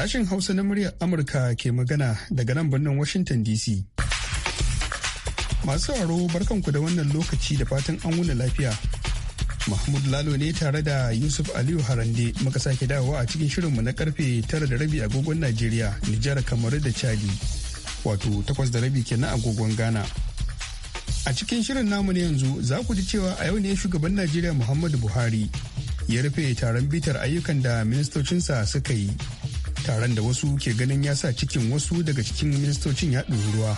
Sashen Hausa na muryar Amurka ke magana daga nan birnin Washington DC. Masu sauraro barkanku da wannan lokaci da fatan an wuna lafiya. Mahmud Lalo ne tare da Yusuf Aliyu Harande muka sake dawowa a cikin shirinmu na karfe tara da rabi agogon Najeriya, Nijar, kamar da Chadi. Wato takwas da rabi kenan agogon Ghana. A cikin shirin namu na yanzu za ku ji cewa a yau ne shugaban Najeriya Muhammadu Buhari ya rufe taron bitar ayyukan da ministocinsa suka yi taron da wasu ke ganin ya sa cikin wasu daga cikin ministocin ya ruwa.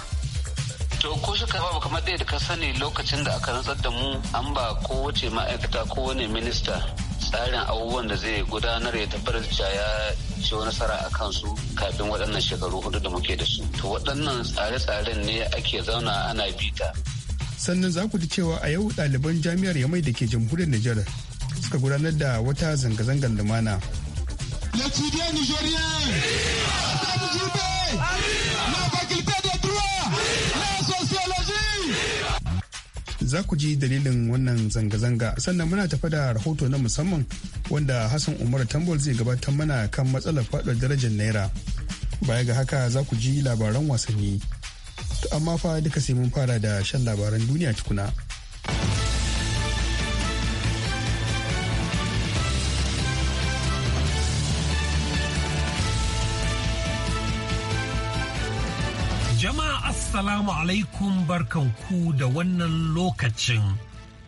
to ko shi ba kamar dai da ka sani lokacin da aka rantsar da mu an ba wace ma'aikata ko wani minista tsarin abubuwan da zai gudanar ya tabbatar da ya wani nasara a kansu kafin waɗannan shekaru hudu da muke da su to waɗannan tsare-tsaren ne ake zauna ana bita sannan za ku ji cewa a yau ɗaliban jami'ar yamai da ke jamhuriyar nijar suka gudanar da wata zanga-zangar lumana Le Tidien nigérien. Za ku ji dalilin wannan zanga-zanga sannan muna tafa da rahoto na musamman wanda Hassan Umar Tambol zai gabatar mana kan matsalar faɗar darajar Naira. Baya ga haka za ku ji labaran wasanni. Amma fa duka sai mun fara da shan labaran duniya tukuna. Assalamu alaikum barkanku da wannan lokacin.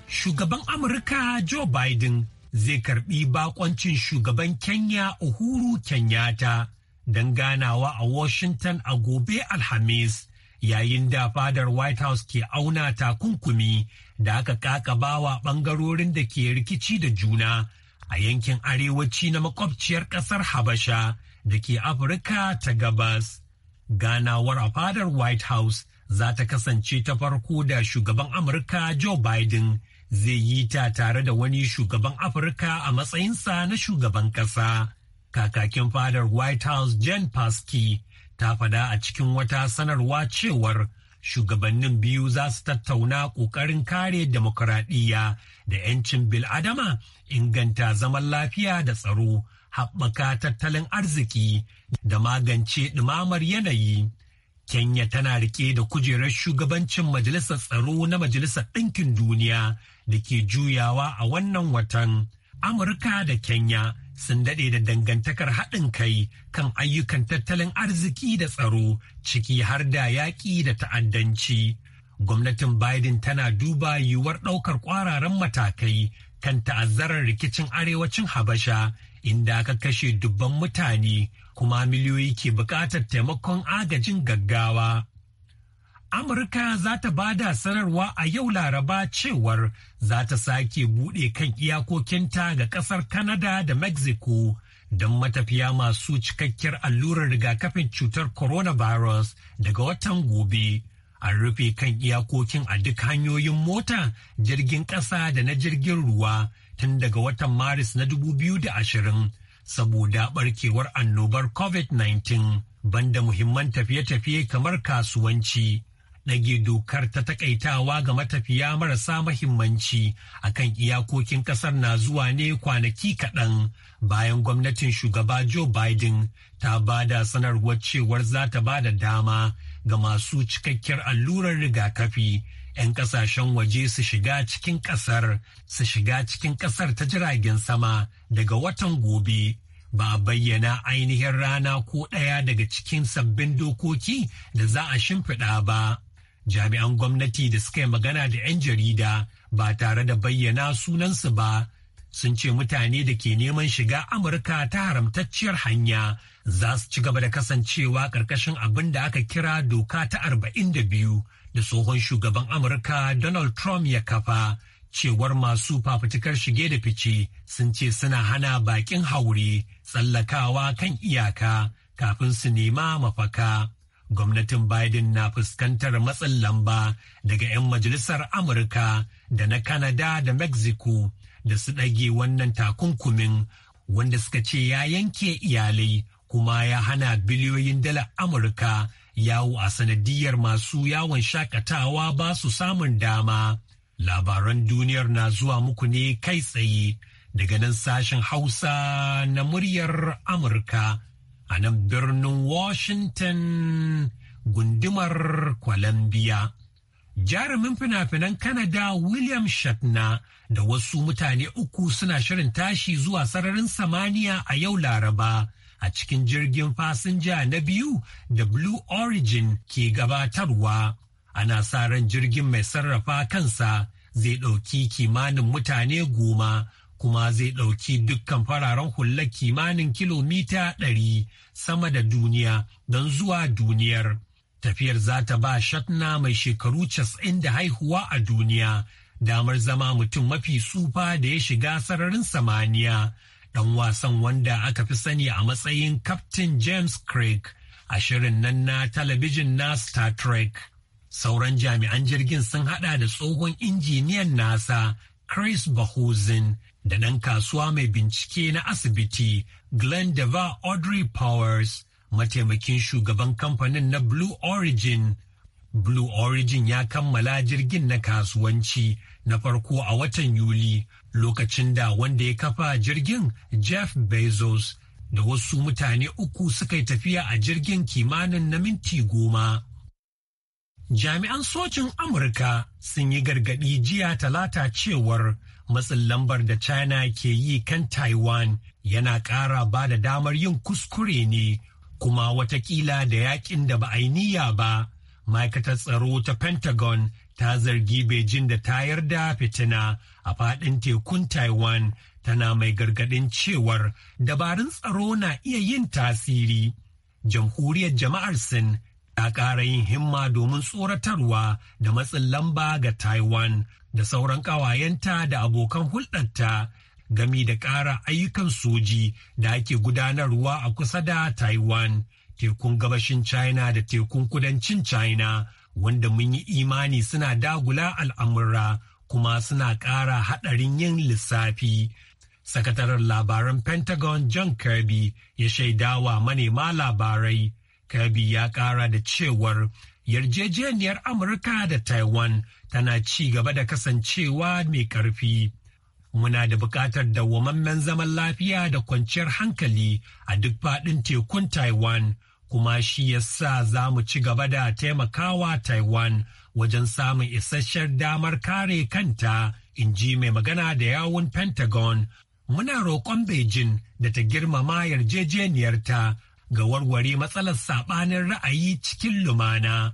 Shugaban Amurka Joe Biden zai karbi bakoncin shugaban Kenya Uhuru Kenyatta don ganawa a Washington a gobe Alhamis yayin da fadar White House ke auna takunkumi da aka kakabawa bangarorin da ke rikici da juna a yankin arewaci na makwabciyar ƙasar Habasha da ke Afirka ta gabas. ganawar a fadar white house za ta kasance ta farko da shugaban amurka joe biden zai yi ta tare da wani shugaban afirka a matsayinsa na shugaban ƙasa kakakin fadar white house jen paskey ta fada a cikin wata sanarwa cewar shugabannin biyu za su tattauna ƙoƙarin kare demokuraɗiyya da 'yancin bil'adama inganta zaman lafiya da tsaro haɓaka tattalin arziki da magance ɗumamar yanayi. Kenya tana rike da kujerar shugabancin Majalisar Tsaro na Majalisar Ɗinkin Duniya da ke juyawa a wannan watan. Amurka da Kenya sun daɗe da dangantakar haɗin kai kan ayyukan tattalin arziki da tsaro ciki har da yaƙi da ta'addanci. Gwamnatin Biden tana duba yiwuwar ɗaukar ƙwararan matakai kan ta'azzarar rikicin arewacin Habasha inda aka kashe dubban mutane kuma miliyoyi ke buƙatar taimakon agajin gaggawa. Amurka za ta ba da sanarwa a yau Laraba cewar za ta sake buɗe kan iyakokinta ga ƙasar Kanada da Mexico don matafiya masu cikakkiyar allurar rigakafin cutar coronavirus daga watan gobe. An rufe kan iyakokin a duk hanyoyin mota, jirgin ƙasa da na jirgin ruwa tun daga watan Maris na 2020 saboda barkewar annobar COVID-19 banda muhimman tafiye-tafiye kamar kasuwanci. Ɗage dokar ta takaitawa ga matafiya marasa mahimmanci a kan iyakokin ƙasar na zuwa ne kwanaki kaɗan bayan gwamnatin shugaba Joe Biden ta ba da sanarwar cewar za ta ba da dama ga masu cikakkiyar allurar rigakafi 'yan kasashen waje su shiga cikin kasar su shiga cikin kasar ta jiragen sama daga watan gobe ba bayyana ainihin rana ko ɗaya daga cikin sabbin dokoki da za a shimfiɗa ba jami'an gwamnati da suka yi magana da 'yan jarida ba tare da bayyana sunansu ba sun ce mutane da ke neman shiga amurka ta haramtacciyar hanya za su ci gaba da kasancewa ƙarƙashin abin da aka kira doka ta arba'in da biyu. da tsohon shugaban Amurka Donald Trump ya kafa cewar masu fafutukar shige da fice sun ce suna hana bakin haure tsallakawa kan iyaka kafin su nema mafaka. Gwamnatin Biden na fuskantar matsin lamba daga 'yan majalisar Amurka da na Kanada da Mexico da su ɗage wannan takunkumin wanda suka ce ya yanke iyalai kuma ya hana biliyoyin dalar Amurka yawo a sanadiyar masu yawon shakatawa ba su samun dama. Labaran duniyar na zuwa muku ne kai tsaye daga nan sashen Hausa na muryar Amurka a nan birnin Washington gundumar Columbia. Jarumin fina-finan Kanada William shatna da wasu mutane uku suna shirin tashi zuwa sararin samaniya a yau Laraba. a cikin jirgin fasinja na biyu da Blue Origin ke gabatarwa. Ana sa ran jirgin mai sarrafa kansa zai ɗauki kimanin mutane goma kuma zai ɗauki dukkan fararen hula kimanin kilomita ɗari sama da duniya don zuwa duniyar. Tafiyar za ta ba Shatna mai shekaru casa'in da haihuwa a duniya damar zama mutum mafi tsufa da ya shiga sararin samaniya. ɗan wasan wanda aka fi sani a matsayin Captain James Craig a shirin nan na talabijin na Star Trek. Sauran jami'an jirgin sun haɗa da tsohon injiniyan NASA Chris Bahuzin da ɗan kasuwa mai bincike na asibiti Glendeva Audrey Powers, mataimakin shugaban kamfanin na Blue Origin. Blue Origin ya kammala jirgin na kasuwanci na farko a watan Yuli lokacin da wanda ya kafa jirgin Jeff Bezos da wasu mutane uku suka yi tafiya a jirgin kimanin na minti goma. Jami'an sojin Amurka sun yi gargaɗi jiya talata cewar matsin lambar da China ke yi kan Taiwan yana ƙara ba da damar yin kuskure ne kuma watakila da yakin da ba niyya ba. Ma'aikatar tsaro ta Pentagon ta zargi Beijing da tayar da fitina a faɗin tekun Taiwan tana mai gargaɗin cewar dabarun tsaro na iya yin tasiri. Jamhuriyar jama'ar Sin ta ƙara yin himma domin tsoratarwa da matsin lamba ga Taiwan da sauran ƙawayenta da abokan hulɗarta gami da ƙara ayyukan soji da ake gudanarwa a kusa da Taiwan, tekun gabashin China da tekun kudancin China. wanda mun yi imani suna dagula al'amura kuma suna ƙara haɗarin yin lissafi. Sakataren labaran Pentagon John Kirby ya shaidawa manema labarai. Kirby ya ƙara da cewar yarjejeniyar Amurka da Taiwan tana ci gaba da kasancewa mai ƙarfi. Muna da buƙatar dawwamammen zaman lafiya da kwanciyar hankali a duk faɗin tekun Taiwan, kuma shi ya sa za mu ci gaba da taimakawa Taiwan wajen samun isasshen damar kare kanta in ji mai magana da yawun pentagon muna roƙon beijing da ta girmama yarjejeniyarta ga warware matsalar saɓanin ra'ayi cikin lumana.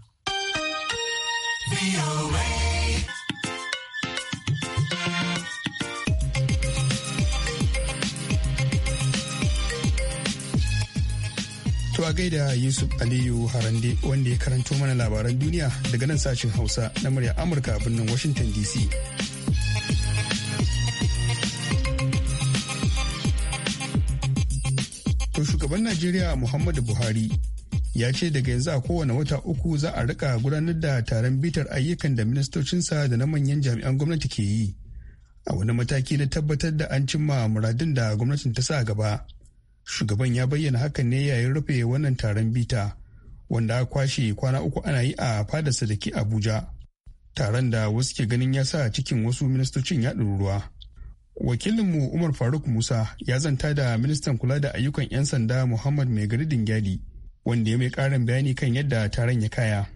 To a gaida Yusuf Aliyu Harande wanda ya karanto mana labaran duniya daga nan sashen Hausa na murya Amurka a birnin Washington DC. To shugaban Najeriya Muhammadu Buhari ya ce daga yanzu a kowane wata uku za a rika gudanar da taron bitar ayyukan da ministocinsa da na manyan jami'an gwamnati ke yi a wani mataki na tabbatar da an cimma muradin da gwamnatin ta sa gaba. Shugaban ya bayyana hakan ne yayin rufe wannan taron bita wanda a kwashe kwana uku ana yi a fada da ke Abuja. Taron da wasu ke ganin ya sa cikin wasu ministocin ya ruwa. Wakilinmu Umar Faruk Musa ya zanta da ministan kula da ayyukan 'yan sanda Muhammad Mai Garidin Gyadi wanda ya mai ƙarin bayani kan yadda taron ya kaya.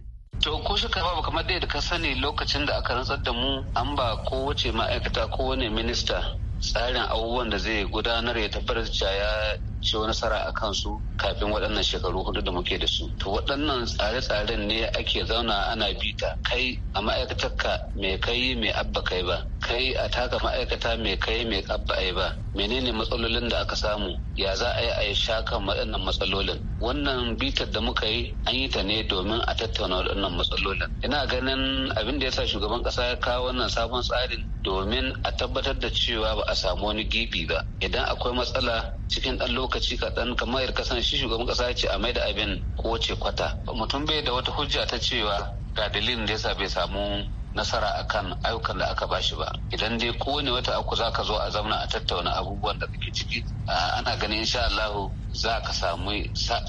To ko shaka babu kamar dai da ka sani lokacin da aka rantsar da mu an ba kowace ma'aikata kowane minista tsarin abubuwan da zai gudanar ya tabbatar da ya wani nasara a kansu kafin waɗannan shekaru hudu da muke da su to waɗannan tsare-tsaren ne ake zauna ana bita kai a ma'aikatarka mai kai mai abba kai ba kai a taka ma'aikata mai kai mai abba ai ba menene matsalolin da aka samu ya za a yi a yi shakan waɗannan matsalolin wannan bitar da muka yi an yi ta ne domin a tattauna waɗannan matsalolin ina ganin abin da ya sa shugaban ƙasa ya kawo wannan sabon tsarin domin a tabbatar da cewa ba a samu wani gibi ba idan akwai matsala cikin ɗan lokaci kaɗan kamar kasan shi shugaban ƙasa ce a maida abin kowace kwata mutum bai da wata hujja ta cewa ga dalilin da yasa bai samu nasara akan ayyukan da aka bashi ba idan dai kowane wata aku za ka zo a zauna a tattauna abubuwan da kake ciki ana ganin insha Allahu za ka samu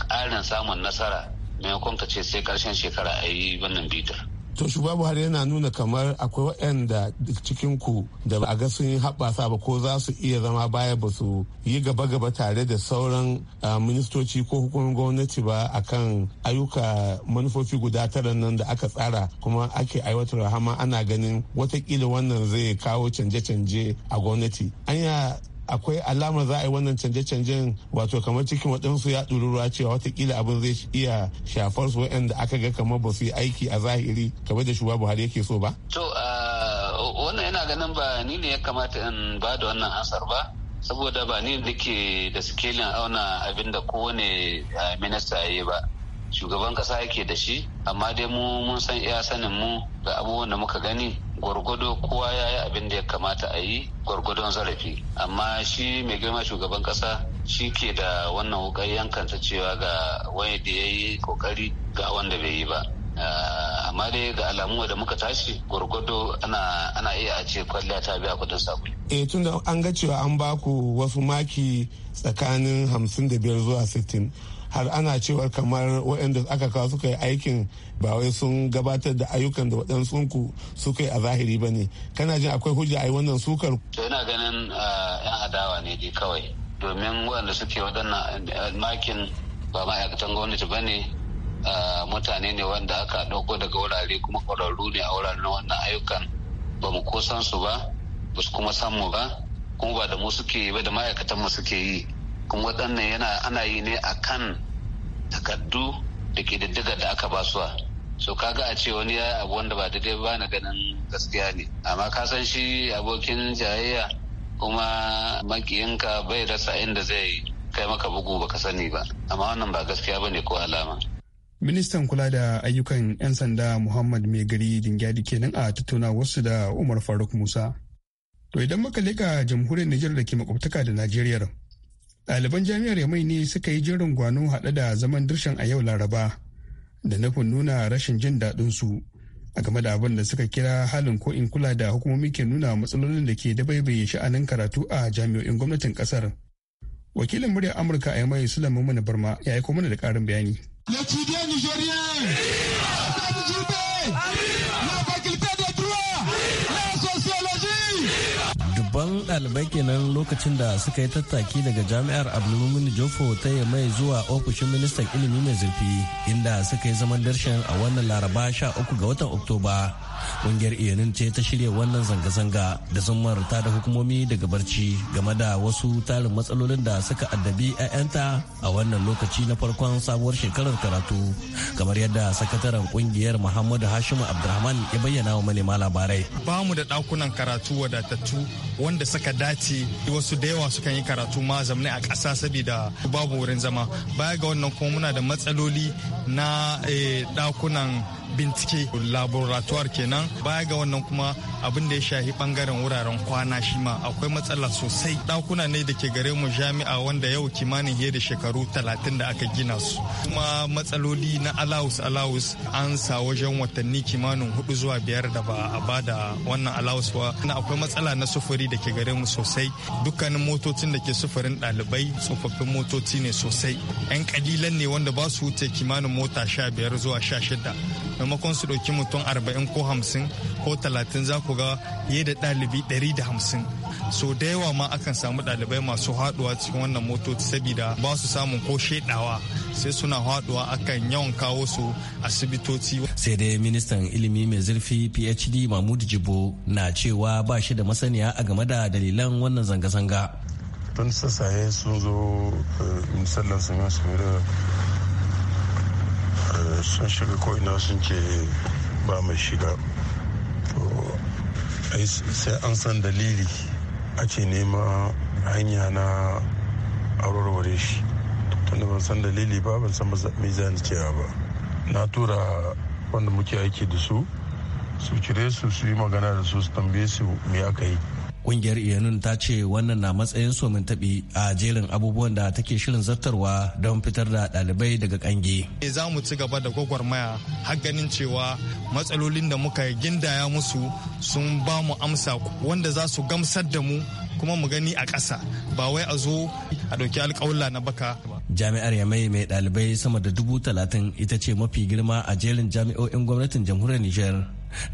ƙarin samun nasara maimakon ka ce sai ƙarshen shekara a yi wannan bitar. to shugaba buhari yana nuna kamar akwai waɗanda cikin ku da ba a ga sun yi haɓasa ba ko za su iya zama baya ba su yi gaba gaba tare da sauran ah, ministoci ko hukumar gwamnati ba akan ayyuka manufofi guda tara nan da aka tsara kuma ake aiwatar hama ana ganin watakila wannan zai kawo canje-canje a gwamnati anya akwai alamar za a yi wannan canje-canjen wato kamar cikin waɗansu ya ɗuri cewa watakila abin zai iya shafar su waɗanda aka ga kamar ba su yi aiki a zahiri kamar da shugaba buhari yake so ba. to wannan yana ganin ba ni ne ya kamata in ba da wannan ansar ba saboda ba ni da ke da sikelin auna abin da kowane eh, minista ya yi ba shugaban kasa yake da shi amma dai mu mun san iya sanin mu ga abubuwan da muka gani gwargwado kowa ya yi abin da ya kamata a yi gwargwadon zarafi amma shi mai girma shugaban kasa shi ke da wannan wukar yankanta cewa ga wani da ya yi kokari ga wanda bai yi ba ah, amma dai ga alamu da muka tashi gwargwado ana, iya a ce kwalliya ta biya kudin sabulu. eh tun da an ga cewa an baku wasu maki tsakanin hamsin da biyar zuwa sittin har ana cewar kamar waɗanda aka kawo suka yi aikin ba wai sun gabatar da ayyukan da waɗansu ku suka yi a zahiri ba ne kana jin akwai hujja a yi wannan sukar. to yana ganin ah, yan adawa ne kawai domin waɗanda suke waɗannan eh, makin ba ma'aikatan gwamnati ba ne ah, mutane ne wanda aka ɗauko daga wurare kuma ƙwararru ne a wuraren wannan ayyukan ba mu ko san su ba ba su kuma san mu ba kuma ba da mu suke yi ba da ma'aikatan mu suke yi kuma waɗannan yana ana yi ne a kan takardu da ke da aka basuwa so ga a ce wani ya abu wanda ba daidai ba na ganin gaskiya ne amma ka san shi abokin jayayya kuma makiyinka bai rasa inda zai kai maka bugu ba ka sani ba amma wannan ba gaskiya ba ne ko alama ministan kula da ayyukan 'yan sanda muhammad mai gari dingyadi kenan a tattauna wasu da umar faruk musa to idan muka leka jamhuriyar nijar da ke makwabtaka da najeriya ɗaliban jami'ar yamai ne suka yi jin gwano haɗe da zaman dirshan a yau laraba da nufin nuna rashin jin daɗinsu a game da abin da suka kira halin ko in kula da hukumomi ke nuna matsalolin da ke dabaibaye sha'anin karatu a jami'o'in gwamnatin ƙasar wakilin muryar amurka a yamai sulaiman mana barma ya aiko mana da karin bayani Dubban ɗalibai kenan lokacin da suka yi tattaki daga jami'ar Abdulmumin Jofo ta yi mai zuwa ofishin ministan ilimi mai zurfi inda suka yi zaman darshen a wannan laraba 13 ga watan Oktoba. Ƙungiyar iyanin ce ta shirya wannan zanga-zanga da sun ta da hukumomi daga barci game da wasu tarin matsalolin da suka addabi 'ya'yanta a wannan lokaci na farkon sabuwar shekarar karatu kamar yadda sakataren ƙungiyar Muhammadu Hashimu Abdulrahman ya bayyana wa manema labarai. Ba mu da ɗakunan karatu wadatattu wanda suka dace wasu da yawa sukan yi karatu ma zamani a ƙasa saboda babu wurin zama baya ga wannan kuma muna da matsaloli na eh, ɗakunan bincike laboratoire kenan baya ga wannan kuma abin da ya shahi bangaren wuraren kwana shi ma akwai matsala sosai dakuna ne da ke gare mu jami'a wanda yau kimanin fiye da shekaru talatin da aka gina su kuma matsaloli na alawus alawus an sa wajen watanni kimanin hudu zuwa biyar da ba a ba da wannan alawus ba na akwai matsala na sufuri da ke gare mu sosai dukkanin motocin da ke sufurin ɗalibai tsofaffin motoci ne sosai yan kalilan ne wanda ba su wuce kimanin mota sha biyar zuwa sha shida maimakon su ɗauki mutum arba'in ko hamsin ko talatin za ku ga ya da ɗalibi ɗari da hamsin so da yawa ma akan samu ɗalibai masu haɗuwa cikin wannan motoci saboda ba su samun ko shaidawa sai suna haɗuwa akan yawan kawo su asibitoci sai dai ministan ilimi mai zurfi phd mahmud jibo na cewa ba shi da masaniya a game da dalilan wannan zanga-zanga tun sassaye sun zo eh, misalin su sun shiga ko'ina sun ce ba mai shiga sai an san dalili ake nema hanya na aurarware shi tunda ban san dalili ba ban san mai zani cewa ba na tura wanda muke aiki da su su cire su su yi magana da su su tambaye su me aka yi Kungiyar iyanun ta ce wannan na matsayin somin taɓi a jerin abubuwan da take shirin zartarwa don fitar da ɗalibai daga kange. Eh, za mu ci gaba da gwagwarmaya har ganin cewa matsalolin da muka gindaya musu sun ba mu amsa wanda za su gamsar da mu kuma mu gani a ƙasa ba wai a zo a ɗauki alƙawla na baka ba. jami'ar yamai mai ɗalibai sama da dubu talatin ita ce mafi girma a jerin jami'o'in gwamnatin jamhuriyar nijar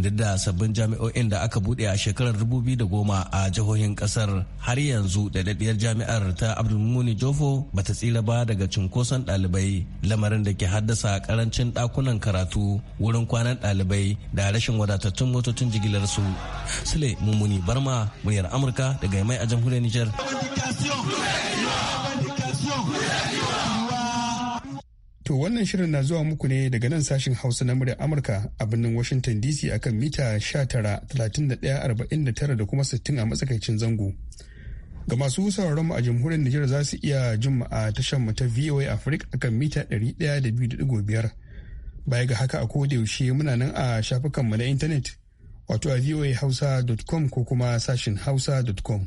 duk da sabbin jami'o'in da aka bude a shekarar dubu da goma a jihohin kasar har yanzu daɗaɗɗiyar jami'ar ta abdulmuni jofo ba ta tsira ba daga cunkoson ɗalibai lamarin da ke haddasa karancin ɗakunan karatu wurin kwanan ɗalibai da rashin wadatattun motocin jigilar su sule mummuni barma muryar amurka daga mai a jamhuriyar nijar. To wannan shirin na zuwa muku ne daga nan sashin Hausa na muryar Amurka a birnin Washington DC akan mita 19,31,49 da kuma 60 a matsakaicin zango. Ga masu sauraron mu a jamhuriyar Nijar za su iya jin a tashar mu ta VOA Africa akan mita 102.5. Baya ga haka a koda yaushe muna nan a shafukan mu na intanet wato a voahausa.com ko kuma sashin hausa.com.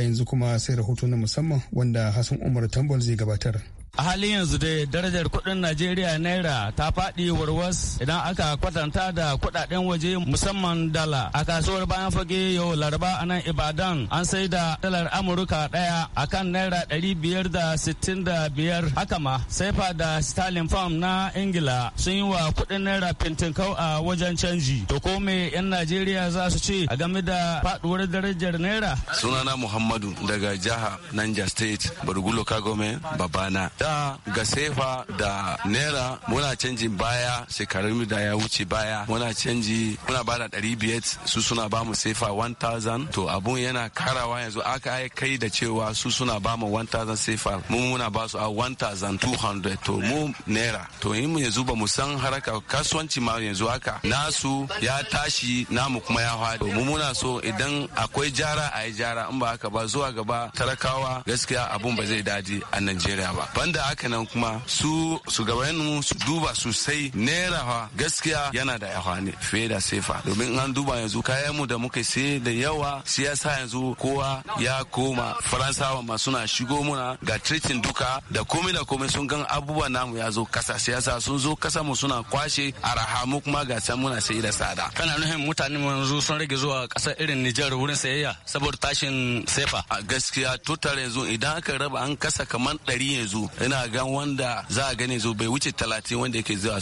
Yanzu kuma sai rahoto na musamman wanda Hassan Umar Tambol zai gabatar. a halin yanzu da darajar kudin najeriya naira ta faɗi warwas idan aka kwatanta da kudaden waje musamman dala a kasuwar bayan fage yau laraba a nan ibadan an sai da dalar amurka ɗaya akan naira ɗari biyar da sittin da biyar haka ma saifa da stalin farm na ingila sun yi wa kudin naira fintinkau a wajen canji to ko me 'yan najeriya za su ce a game da faduwar darajar naira sunana muhammadu daga jiha niger state bargulo kagome babana da ga sefa da naira muna canjin baya shekarun da ya wuce baya muna canji muna bada ɗari biyar su suna ba mu sefa 1000 to abun yana karawa yanzu aka kai da cewa su suna ba mu 1000 sefa mu muna ba su a 1200 to mu naira to in mu yanzu ba mu san haraka kasuwanci ma yanzu haka nasu ya tashi namu kuma ya hwa mu muna so idan akwai jara a yi jara in ba haka ba zuwa gaba talakawa gaskiya abun ba zai daɗi a Najeriya ba banda da haka nan kuma su shugabanninmu su duba sosai naira gaskiya yana da yawa ne fiye da sefa domin an duba yanzu kayan mu da muka sai da yawa siyasa yanzu kowa ya koma faransawa ma suna shigo muna ga tricin duka da komai da komai sun gan abubuwa namu ya zo kasa siyasa sun zo kasa mu suna kwashe araha kuma ga can muna sai da tsada kana nuhin mutane yanzu sun rage zuwa kasar irin Nijar wurin sayayya saboda tashin sefa a gaskiya total yanzu idan aka raba an kasa kamar ɗari yanzu yana gan wanda za a gani zo bai wuce talatin wanda yake zuwa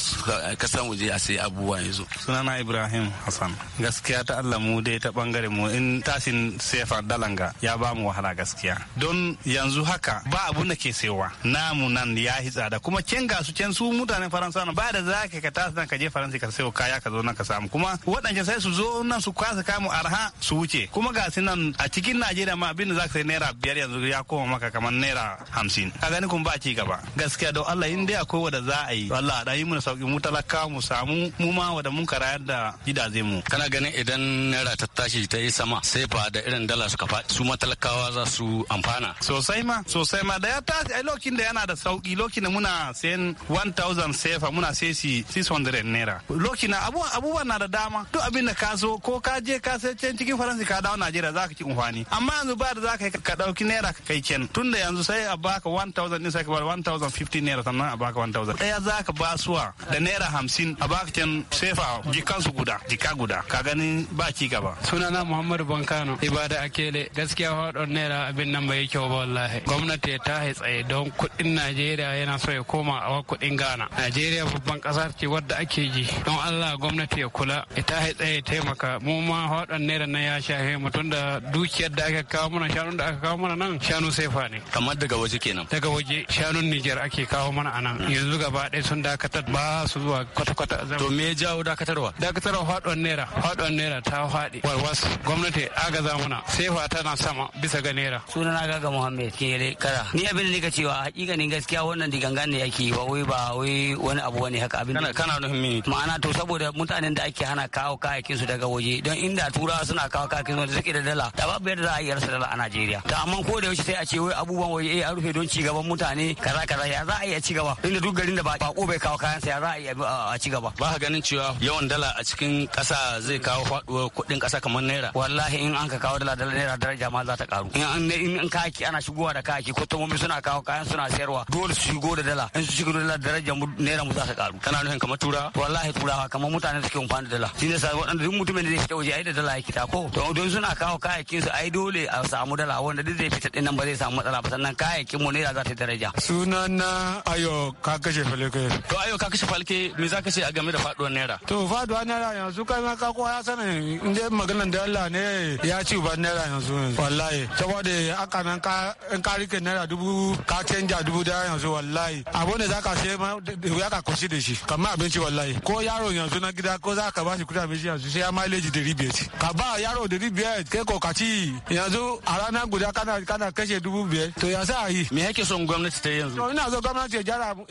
kasan waje a sai abubuwa yanzu sunana ibrahim hassan gaskiya ta allah mu dai ta bangare mu in tashin sefa dalanga ya ba mu wahala gaskiya don yanzu haka ba abu da ke sewa namu nan ya yi tsada kuma ken ga su ken su mutanen faransa na ba da za ka ka tasi ka je faransa ka sayo kaya ka zo nan ka samu kuma waɗancan sai su zo nan su kwasa kamu arha su wuce kuma ga su nan a cikin najeriya ma abin da za ka sai naira biyar yanzu ya koma maka kamar naira hamsin ka gani ba ci gaba gaskiya don Allah in dai akwai wanda za a yi Allah da yi mu sauki mu talaka mu samu mu ma wanda mun karayar da gidaje mu kana ganin idan naira ta tashi ta yi sama sai fa da irin dala suka fa su matalakawa za su amfana sosai ma sosai ma da ya tashi ai lokacin da yana da sauki lokacin da muna sayan 1000 sefa muna sai shi 600 naira lokacin abubuwa na da dama duk abin da ka so ko ka je ka sai can cikin faransa ka dawo Najeriya za ka ci amfani amma yanzu ba da za ka ka dauki naira ka kai ken tunda yanzu sai a baka 1000 din sai ka bar 1,050 naira sannan a baka 1000 daya za ka ba suwa da naira hamsin. a baka can sefa jikansu guda jika guda ka gani ba ci gaba sunana muhammadu bankano ibada akele gaskiya hodon naira abin nan bai kyau ba wallahi gwamnati ta tsaye don kuɗin najeriya yana so ya koma a kuɗin ghana najeriya babban ƙasar ce wadda ake ji don allah gwamnati ya kula ita tsaye taimaka mu ma hodon naira na ya shahe mu da dukiyar da aka kawo mana shanu da aka kawo mana nan shanu sefa ne kamar daga waje kenan daga waje shanun Niger ake kawo mana a nan yanzu gaba ɗaya sun dakatar ba su zuwa kwata-kwata. To me ya jawo dakatarwa? Dakatarwa faɗuwar naira faɗuwar naira ta faɗi wasu gwamnati agaza mana sai fa tana sama bisa ga naira. Sunana Gaga Muhammad Kere Kara. Ni abin da nika cewa hakikanin gaskiya wannan digangan ne yake ba wai ba wai wani abu wani haka abin. Kana kana nufin me? Ma'ana to saboda mutanen da ake hana kawo kayakin su daga waje don inda turawa suna kawo kayakin su da suke da dala da babu yadda za a yi rasa dala a Najeriya. Da amma ko da yaushe sai a ce wai abubuwan waje eh a rufe don ci gaban mutane kaza kaza ya za a iya ci gaba inda duk garin da ba bako bai kawo kayan sa ya za a iya a ci gaba ba ka ganin cewa yawan dala a cikin kasa zai kawo faduwar kuɗin kasa kamar naira wallahi in an ka kawo dala dala naira daraja ma za ta karu in an in ka ki ana shigowa da kaki ko kotomomi suna kawo kayan suna sayarwa dole su shigo da dala in su shigo da dala daraja naira mu za ta karu kana nufin kamar tura wallahi turawa kamar mutane suke amfani da dala shi ne sa waɗanda duk mutumin da zai fita waje ai da dala yake ta ko to don suna kawo kayakin su ai dole a samu dala wanda duk zai fita din nan ba zai samu matsala ba sannan kayakin mu naira za ta daraja suna na ayo ka kashe falke to ayo ka kashe falke me zaka ce a game da faduwar naira to faduwar naira yanzu kai ma ka kowa ya sani in dai maganar da Allah ne ya ci ba naira yanzu wallahi saboda aka nan ka in ka rike naira dubu ka canja dubu da yanzu wallahi abu ne zaka sai ma ya ka kushi da shi kamar abinci wallahi ko yaro yanzu na gida ko zaka ba shi kudi shi yanzu sai ya mileage dari biyar ka ba yaro da biyar kai ko ka ci yanzu a rana guda kana kana kashe dubu biyar to ya sa yi me yake son gwamnati ta yanzu. ina zo gwamnati ya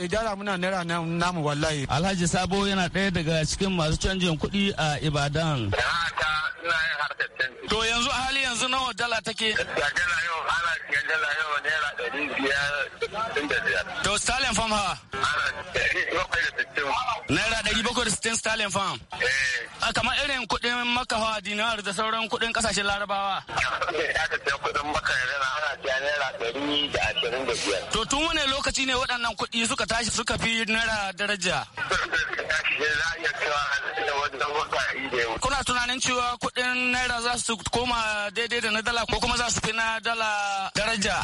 gyara muna naira namu wallahi. Alhaji Sabo yana ɗaya daga cikin masu canjin kuɗi a Ibadan. To yanzu a hali yanzu nawa dala take? Dala yau ana dala yau naira ɗari biyar da biyar. To Stalin Farm ha? Naira ɗari bakwai da sittin Stalin Farm. Eh. A ah, kama irin kuɗin makawa dinar da sauran kuɗin ƙasashen larabawa. Eh, ya ka kuɗin maka yana ana siya naira ɗari da ashirin da biyar. To tun wane lokaci ne waɗannan kuɗi suka tashi suka fi naira daraja? Kuna tunanin cewa kuɗin naira za su koma daidai da na dala ko kuma za su fi na dala daraja?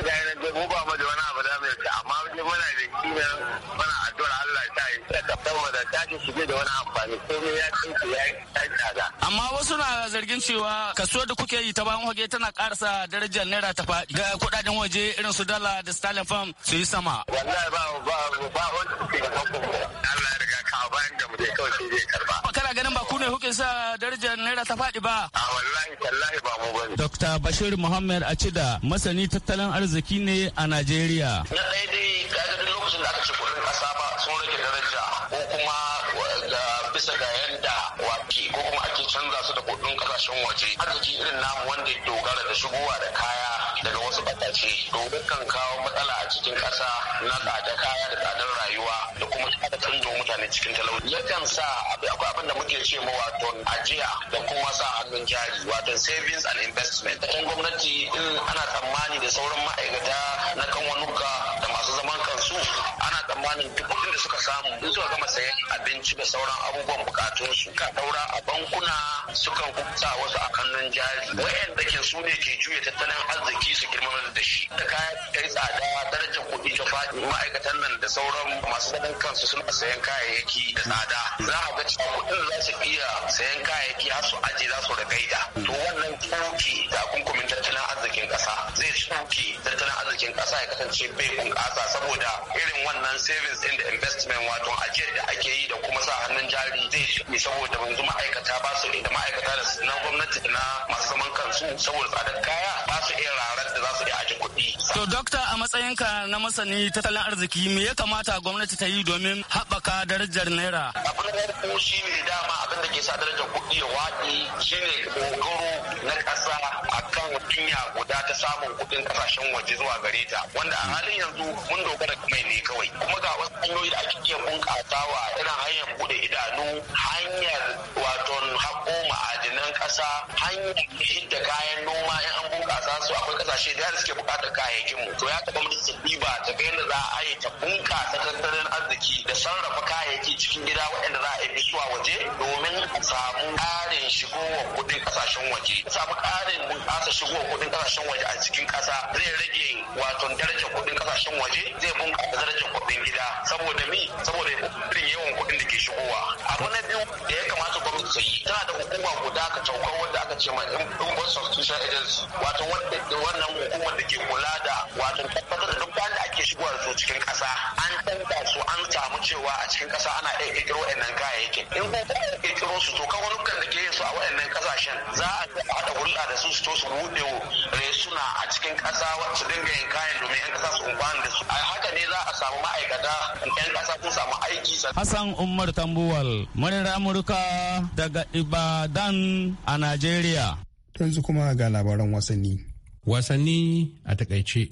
dai ga yanar dai ba mu da wani abu da mai ta amma dai muna da kimiyya muna addu'ar Allah ta yi ta kafin mu da ta shige da wani amfani komai ya tsinci ya yi ta Amma wasu na zargin cewa kaso da kuke yi ta bayan waje tana karasa darajar naira ta faɗi ga kuɗaɗen waje irin su dala da stalin fam su yi sama. Wallahi ba ba ba wanda suke da Allah ya riga ka bayan da mu je kawai sai zai karba. Kana ganin ba ku ne kuke sa darajar naira ta faɗi ba. A wallahi tallahi ba mu ba Dr. Bashir Muhammad Acida masani tattalin arziki ne a Najeriya. Na ɗaya dai kasashen waje arziki irin namu wanda ya dogara da shigowa da kaya daga wasu batace domin kan kawo matsala a cikin ƙasa na tsada kaya da tsadar rayuwa da kuma tsada canjo mutane cikin talauci yakan sa akwai abin da muke ce ma wato ajiya da kuma sa hannun jari wato savings and investment kan gwamnati in ana tsammani da sauran ma'aikata na kan wani da masu zaman kansu tsammanin duk wanda suka samu in suka gama sayan abinci da sauran abubuwan bukatun su ka daura a bankuna sukan kusa wasu a kannun jari wayanda ke su ne ke juya tattalin arziki su girma da shi da kayan kai tsada darajar kuɗi ta faɗi ma'aikatan nan da sauran masu gaban kansu suna sayan kayayyaki da tsada za a ga cewa kuɗin za su iya sayan kayayyaki har su aje za su ragaida to wannan tsoki takunkumin tattalin arzikin ƙasa zai tsoki tattalin arzikin ƙasa ya kasance bai bunƙasa saboda irin wannan savings din da investment wato ajiyar da ake yi da kuma sa hannun jari zai shi saboda yanzu ma'aikata ba su da ma'aikata da na gwamnati da na masu zaman kansu saboda tsadar kaya ba su iya rarar da za su iya aji kuɗi. To dokta a matsayinka na masani tattalin arziki me ya kamata gwamnati ta yi domin haɓaka darajar naira? Abin da shi ne dama abin da ke sa darajar kuɗi ya waɗi shi ne dogaro na ƙasa kan duniya guda ta samun kuɗin ƙasashen waje zuwa gare ta wanda a halin yanzu mun dogara mai ne kawai kuma ga wasu hanyoyi da ake iya bunƙasawa irin hanyar buɗe idanu hanyar wato haƙo ma'adinan ƙasa hanyar da kayan noma in an bunƙasa su akwai ƙasashe da suke buƙatar kayayyakin mu to ya taɓa mutum su ɗiba ta ga yadda za a yi ta bunƙasa tattalin kayayyaki da sarrafa kayayyaki cikin gida waɗanda za a yi zuwa waje domin a samu ƙarin shigowar kuɗin ƙasashen waje a samu ƙarin bunƙasa shigowar kuɗin ƙasashen waje a cikin ƙasa zai rage wato darajar kuɗin ƙasashen waje zai bunƙasa darajar kuɗin gida saboda mi saboda irin yawan kuɗin da ke shigowa abu na biyu da ya kamata gwamnati ta yi tana da hukuma guda ka caukar wanda aka ce ma Improvement Substitution Agency wato wannan hukumar da ke kula da wato tabbatar da duk wanda ake shigowa da su cikin ƙasa an tantance su an samu cewa a cikin ƙasa ana iya ƙirƙiro wa'annan kayayyakin in ko kuma a ƙirƙiro su to kawarukan da ke yin su a wa'annan ƙasashen za a haɗa hulɗa da su su to su buɗe resuna a cikin kasa su dinga yin kayan domin 'yan kasa su amfana da su a haka ne za a samu ma'aikata 'yan kasa sun samu aiki. Hassan Umar Tambuwal, muryar Amurka daga Ibadan a Najeriya. Yanzu kuma ga labaran wasanni. Wasanni a takaice.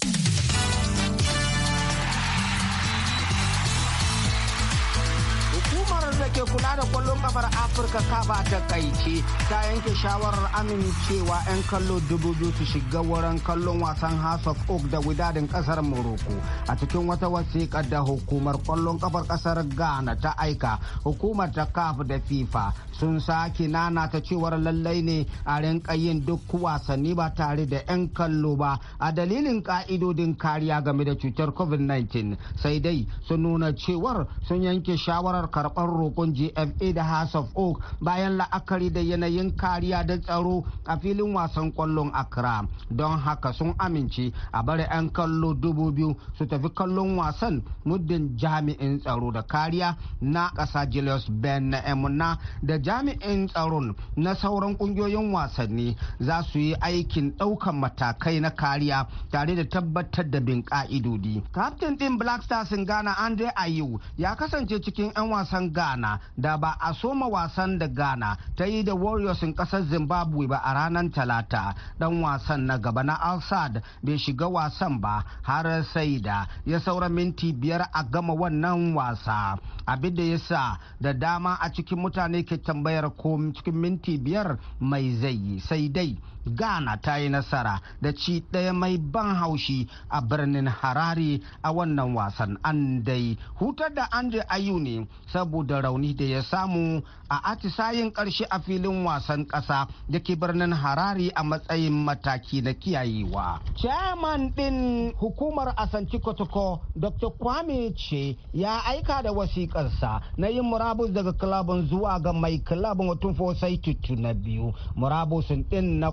ke kula da kwallon kafar Afirka kaba ta kaice ta yanke shawarar amincewa 'yan kallo dubu biyu su shiga wurin kallon wasan House of Oak da widadin kasar Morocco a cikin wata wasiƙa da hukumar kwallon kafar kasar Ghana ta aika hukumar ta CAF da FIFA sun sake nana ta cewar lallai ne a rinka yin duk wasanni ba tare da 'yan kallo ba a dalilin ka'idodin kariya game da cutar COVID-19 sai dai sun nuna cewar sun yanke shawarar karɓar roƙo zaɓuɓɓukun gfa da house of oak bayan la'akari da yanayin kariya da tsaro a filin wasan kwallon accra don haka sun amince a bari 'yan kallo dubu biyu su tafi kallon wasan muddin jami'in tsaro da kariya na ƙasa julius ben na emuna da jami'in tsaron na sauran ƙungiyoyin wasanni za su yi aikin ɗaukan matakai na kariya tare da tabbatar da bin ka'idodi. kaftin ɗin black stars ghana andre ayew ya kasance cikin 'yan wasan ghana Ghana da ba a soma wasan da Ghana ta yi da Warriors in kasar Zimbabwe ba a ranar Talata. Dan wasan na gaba na alsad bai shiga wasan ba har sai da ya saura minti biyar a gama wannan wasa. Abin da ya sa da dama a cikin mutane ke tambayar ko cikin minti biyar mai zai sai dai ghana ta yi nasara da ci ɗaya mai ban haushi a birnin harare a wannan wasan an dai hutar da andre ayu ne saboda rauni da ya samu a atisayin ƙarshe a filin wasan ƙasa da ke birnin harare a matsayin mataki na kiyayewa chairman ɗin hukumar asanti kotoko dr kwame ce ya aika da wasiƙarsa na yin murabus daga kilabin zuwa ga mai kilabin otun fosai tutu na biyu murabusin ɗin na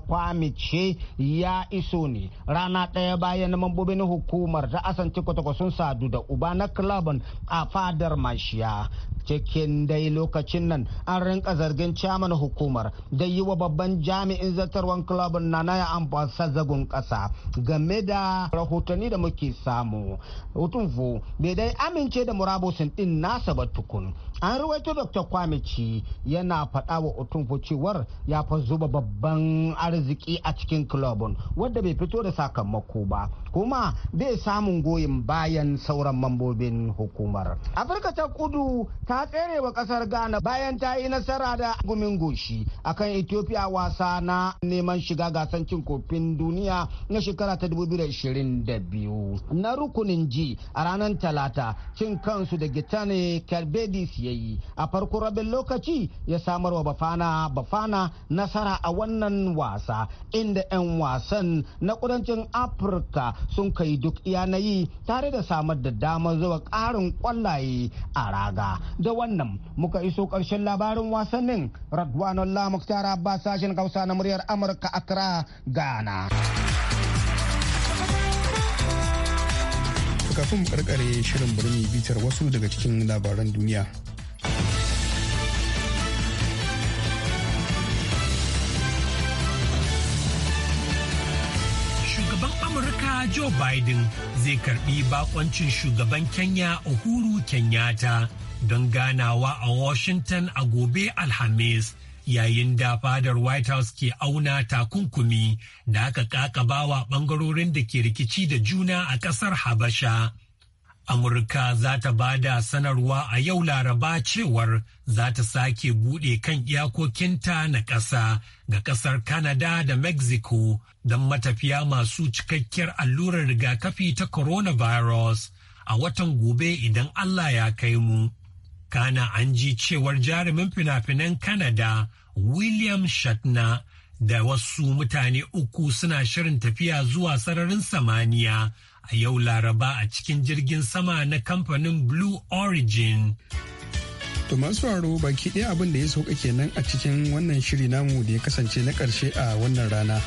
ce ya iso ne rana ɗaya bayan mambobin hukumar ta asanci kwatakwa sun sadu da uba na klaban a fadar mashiya cikin dai lokacin nan an rinka zargin caman hukumar da yi wa babban jami'in zartarwan klabin na naya amfasa zagon kasa game da rahotanni da muke samu hutunfu bai dai amince da murabusin din nasa ba tukun an ruwaito dr kwamici yana faɗa wa otunfo cewar ya fa zuba babban arziki a cikin kulobin wadda bai fito da sakamako ba kuma bai samun goyin bayan sauran mambobin hukumar afirka ta kudu ta tsere wa kasar ghana bayan ta yi nasara da gumin goshi akan ethiopia wasa na neman shiga gasan cin kofin duniya na shekara ta 2022 na rukunin ji a ranar talata cin kansu da gitane kalbedis ya yi a farko rabin lokaci ya samar wa bafana bafana nasara a wannan wasa inda 'yan wasan na kudancin afirka sun kai duk yanayi tare da samar da damar zuwa ƙarin kwallaye a raga da wannan muka iso ƙarshen labarin wasannin radwanullah muktar tara sashen kausa na muryar amurka a accra gana. kafin mu karkare shirin birni bitar wasu daga cikin labaran duniya. Shugaban Amurka Joe Biden zai karbi bakoncin shugaban Kenya Uhuru Kenyatta don ganawa a Washington a gobe Alhamis yayin da fadar White House ke auna takunkumi da aka kakabawa bangarorin da ke rikici da juna a ƙasar Habasha. Amurka za ta ba da sanarwa a yau Laraba cewar za ta sake buɗe kan iyakokinta na ƙasa ga ƙasar Kanada da Mexico don matafiya masu cikakkiyar allurar rigakafi ta coronavirus a watan gobe idan Allah ya kai mu. kana an ji cewar jarumin fina-finan Canada William Shatner da wasu mutane uku suna shirin tafiya zuwa sararin samaniya a yau Laraba a cikin jirgin sama na kamfanin Blue Origin. To masu sauraro baki ɗaya abin da ya sauka kenan a cikin wannan shiri namu da ya kasance na ƙarshe a wannan rana.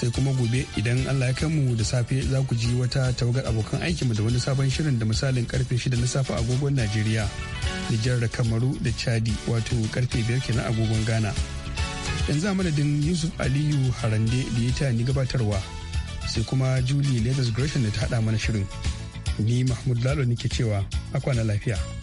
sai kuma gobe idan Allah ya mu da safe za ku ji wata tawagar abokan mu da wani sabon shirin da misalin karfe shida na safe agogon Najeriya, Nijar da Kamaru da Chadi wato karfe biyar kenan agogon Ghana. Yanzu a madadin Yusuf Aliyu Harande da ya ni gabatarwa sai kuma Julie Leathers Gresham da ta haɗa mana shirin. Ni Mahmud Lalo nake cewa a kwana lafiya.